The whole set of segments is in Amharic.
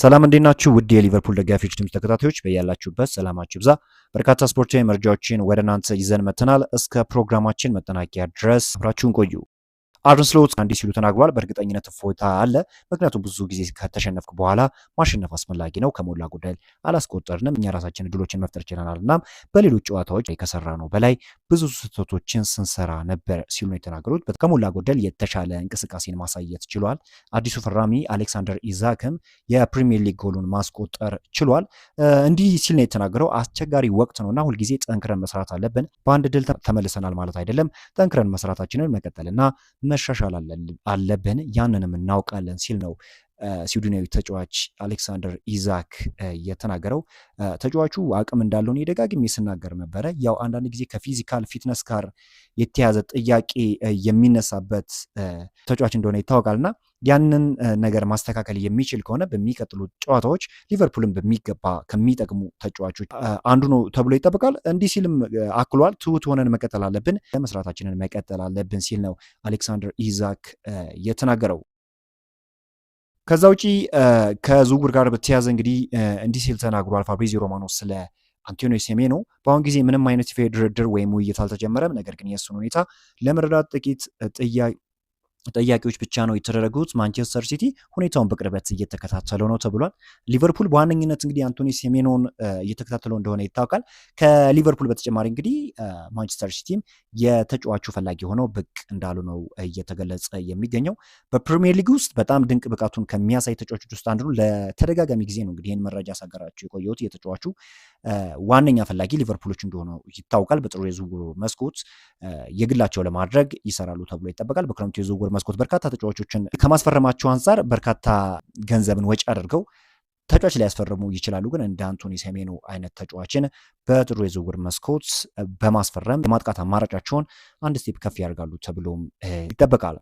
ሰላም እንዴት ናችሁ? ውድ የሊቨርፑል ደጋፊዎች ድምፅ ተከታታዮች በያላችሁበት ሰላማችሁ ብዛ። በርካታ ስፖርታዊ መረጃዎችን ወደ እናንተ ይዘን መተናል። እስከ ፕሮግራማችን መጠናቂያ ድረስ አብራችሁን ቆዩ። አርን ስሎት እንዲህ ሲሉ ተናግሯል። በእርግጠኝነት እፎይታ አለ፣ ምክንያቱም ብዙ ጊዜ ከተሸነፍክ በኋላ ማሸነፍ አስፈላጊ ነው። ከሞላ ጎደል አላስቆጠርንም፣ እኛ ራሳችን እድሎችን መፍጠር ችለናል። እናም በሌሎች ጨዋታዎች ከሰራ ነው በላይ ብዙ ስህተቶችን ስንሰራ ነበር ሲሉ ነው የተናገሩት። ከሞላ ጎደል የተሻለ እንቅስቃሴን ማሳየት ችሏል። አዲሱ ፈራሚ አሌክሳንደር ኢዛክም የፕሪሚየር ሊግ ጎሉን ማስቆጠር ችሏል። እንዲህ ሲል ነው የተናገረው። አስቸጋሪ ወቅት ነውና ሁልጊዜ ጠንክረን መስራት አለብን። በአንድ ድል ተመልሰናል ማለት አይደለም። ጠንክረን መስራታችንን መቀጠልና መሻሻል አለብን፣ ያንንም እናውቃለን ሲል ነው ስዊድናዊ ተጫዋች አሌክሳንደር ኢዛክ የተናገረው ተጫዋቹ አቅም እንዳለው እኔ ደጋግሜ ስናገር ነበረ። ያው አንዳንድ ጊዜ ከፊዚካል ፊትነስ ጋር የተያዘ ጥያቄ የሚነሳበት ተጫዋች እንደሆነ ይታወቃልና ያንን ነገር ማስተካከል የሚችል ከሆነ በሚቀጥሉት ጨዋታዎች ሊቨርፑልን በሚገባ ከሚጠቅሙ ተጫዋቾች አንዱ ነው ተብሎ ይጠበቃል። እንዲህ ሲልም አክሏል። ትሁት ሆነን መቀጠል አለብን፣ መስራታችንን መቀጠል አለብን ሲል ነው አሌክሳንደር ኢዛክ የተናገረው። ከዛ ውጪ ከዝውውር ጋር በተያያዘ እንግዲህ እንዲህ ሲል ተናግሯል ፋብሪዚዮ ሮማኖ ስለ አንቶኒዮ ሴሜኖ። በአሁን ጊዜ ምንም አይነት ድርድር ወይም ውይይት አልተጀመረም፣ ነገር ግን የእሱን ሁኔታ ለመረዳት ጥቂት ጠያቂዎች ብቻ ነው የተደረጉት። ማንቸስተር ሲቲ ሁኔታውን በቅርበት እየተከታተለው ነው ተብሏል። ሊቨርፑል በዋነኝነት እንግዲህ አንቶኒ ሴሜኖን እየተከታተለው እንደሆነ ይታወቃል። ከሊቨርፑል በተጨማሪ እንግዲህ ማንቸስተር ሲቲም የተጫዋቹ ፈላጊ ሆነው ብቅ እንዳሉ ነው እየተገለጸ የሚገኘው። በፕሪሚየር ሊግ ውስጥ በጣም ድንቅ ብቃቱን ከሚያሳይ ተጫዋቾች ውስጥ አንዱ ነው። ለተደጋጋሚ ጊዜ ነው እንግዲህ ይህን መረጃ ሳገራቸው የቆየሁት። የተጫዋቹ ዋነኛ ፈላጊ ሊቨርፑሎች እንደሆነ ይታወቃል። በጥሩ የዝውውር መስኮት የግላቸው ለማድረግ ይሰራሉ ተብሎ ይጠበቃል። በክረምቱ የዝውውር በዝውውር መስኮት በርካታ ተጫዋቾችን ከማስፈረማቸው አንጻር በርካታ ገንዘብን ወጪ አድርገው ተጫዋች ሊያስፈርሙ ይችላሉ። ግን እንደ አንቶኒ ሴሜኖ አይነት ተጫዋችን በጥሩ የዝውውር መስኮት በማስፈረም የማጥቃት አማራጫቸውን አንድ ስቴፕ ከፍ ያደርጋሉ ተብሎም ይጠበቃል።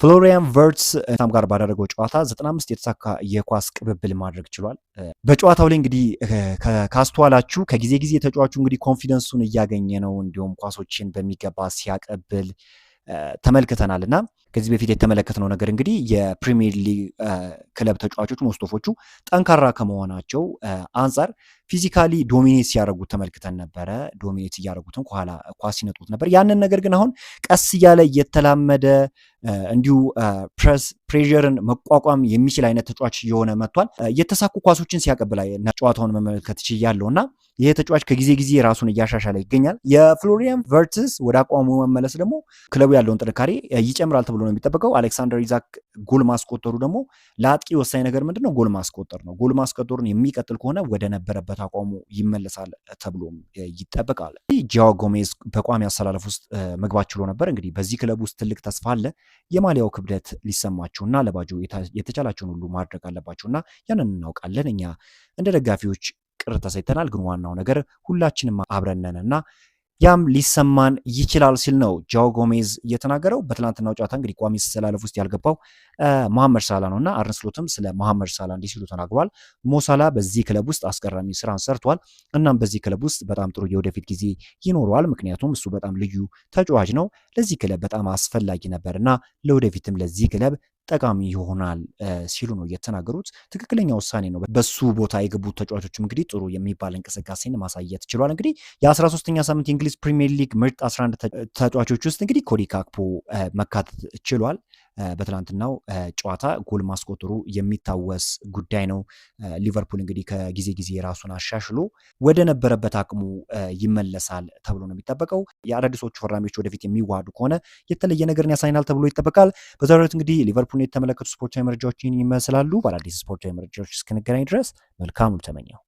ፍሎሪያን ቨርትስ ታም ጋር ባደረገው ጨዋታ 95 የተሳካ የኳስ ቅብብል ማድረግ ችሏል። በጨዋታው ላይ እንግዲህ ካስተዋላችሁ ከጊዜ ጊዜ ተጫዋቹ እንግዲህ ኮንፊደንሱን እያገኘ ነው። እንዲሁም ኳሶችን በሚገባ ሲያቀብል ተመልክተናል እና ከዚህ በፊት የተመለከትነው ነገር እንግዲህ የፕሪሚየር ሊግ ክለብ ተጫዋቾች ሞስቶፎቹ ጠንካራ ከመሆናቸው አንጻር ፊዚካሊ ዶሚኔት ሲያደርጉት ተመልክተን ነበረ። ዶሚኔት እያደረጉትም ከኋላ ኳስ ሲነጡት ነበር። ያንን ነገር ግን አሁን ቀስ እያለ የተላመደ እንዲሁ ፕሬስ ፕሬርን መቋቋም የሚችል አይነት ተጫዋች እየሆነ መጥቷል። የተሳኩ ኳሶችን ሲያቀብል ጨዋታውን መመልከት ችያለሁ እና ይሄ ተጫዋች ከጊዜ ጊዜ ራሱን እያሻሻለ ይገኛል። የፍሎሪያን ቨርትስ ወደ አቋሙ መመለስ ደግሞ ክለቡ ያለውን ጥንካሬ ይጨምራል ተብሎ ነው የሚጠበቀው። አሌክሳንደር ኢዛክ ጎል ማስቆጠሩ ደግሞ ለአጥቂ ወሳኝ ነገር ምንድን ነው? ጎል ማስቆጠር ነው። ጎል ማስቆጠሩን የሚቀጥል ከሆነ ወደ ነበረበት አቋሙ ይመለሳል ተብሎም ይጠበቃል። ጃዋ ጎሜዝ በቋሚ አሰላለፍ ውስጥ መግባት ችሎ ነበር። እንግዲህ በዚህ ክለብ ውስጥ ትልቅ ተስፋ አለ። የማሊያው ክብደት ሊሰማችሁና ለባጆ የተቻላችሁን ሁሉ ማድረግ አለባችሁና ያንን እናውቃለን እኛ እንደ ደጋፊዎች ቅር ተሰይተናል ግን ዋናው ነገር ሁላችንም አብረነን እና ያም ሊሰማን ይችላል ሲል ነው ጃው ጎሜዝ እየተናገረው። በትናንትናው ጨዋታ እንግዲህ ቋሚ ሲሰላለፍ ውስጥ ያልገባው መሐመድ ሳላ ነው እና አርንስሎትም ስለ መሐመድ ሳላ እንዲህ ሲሉ ተናግሯል። ሞሳላ በዚህ ክለብ ውስጥ አስገራሚ ስራን ሰርቷል። እናም በዚህ ክለብ ውስጥ በጣም ጥሩ የወደፊት ጊዜ ይኖረዋል። ምክንያቱም እሱ በጣም ልዩ ተጫዋች ነው፣ ለዚህ ክለብ በጣም አስፈላጊ ነበር እና ለወደፊትም ለዚህ ክለብ ጠቃሚ ይሆናል ሲሉ ነው የተናገሩት። ትክክለኛ ውሳኔ ነው። በሱ ቦታ የገቡት ተጫዋቾችም እንግዲህ ጥሩ የሚባል እንቅስቃሴን ማሳየት ችሏል። እንግዲህ የ13ኛ ሳምንት የእንግሊዝ ፕሪሚየር ሊግ ምርጥ 11 ተጫዋቾች ውስጥ እንግዲህ ኮዲ ካክፖ መካተት ችሏል። በትላንትናው ጨዋታ ጎል ማስቆጠሩ የሚታወስ ጉዳይ ነው። ሊቨርፑል እንግዲህ ከጊዜ ጊዜ ራሱን አሻሽሎ ወደ ነበረበት አቅሙ ይመለሳል ተብሎ ነው የሚጠበቀው። የአዳዲሶቹ ፈራሚዎች ወደፊት የሚዋሃዱ ከሆነ የተለየ ነገርን ያሳይናል ተብሎ ይጠበቃል። በዛሬው ዕለት እንግዲህ ሊቨርፑል የተመለከቱ ስፖርታዊ መረጃዎችን ይመስላሉ። በአዳዲስ ስፖርታዊ መረጃዎች እስክንገናኝ ድረስ መልካም ተመኘው።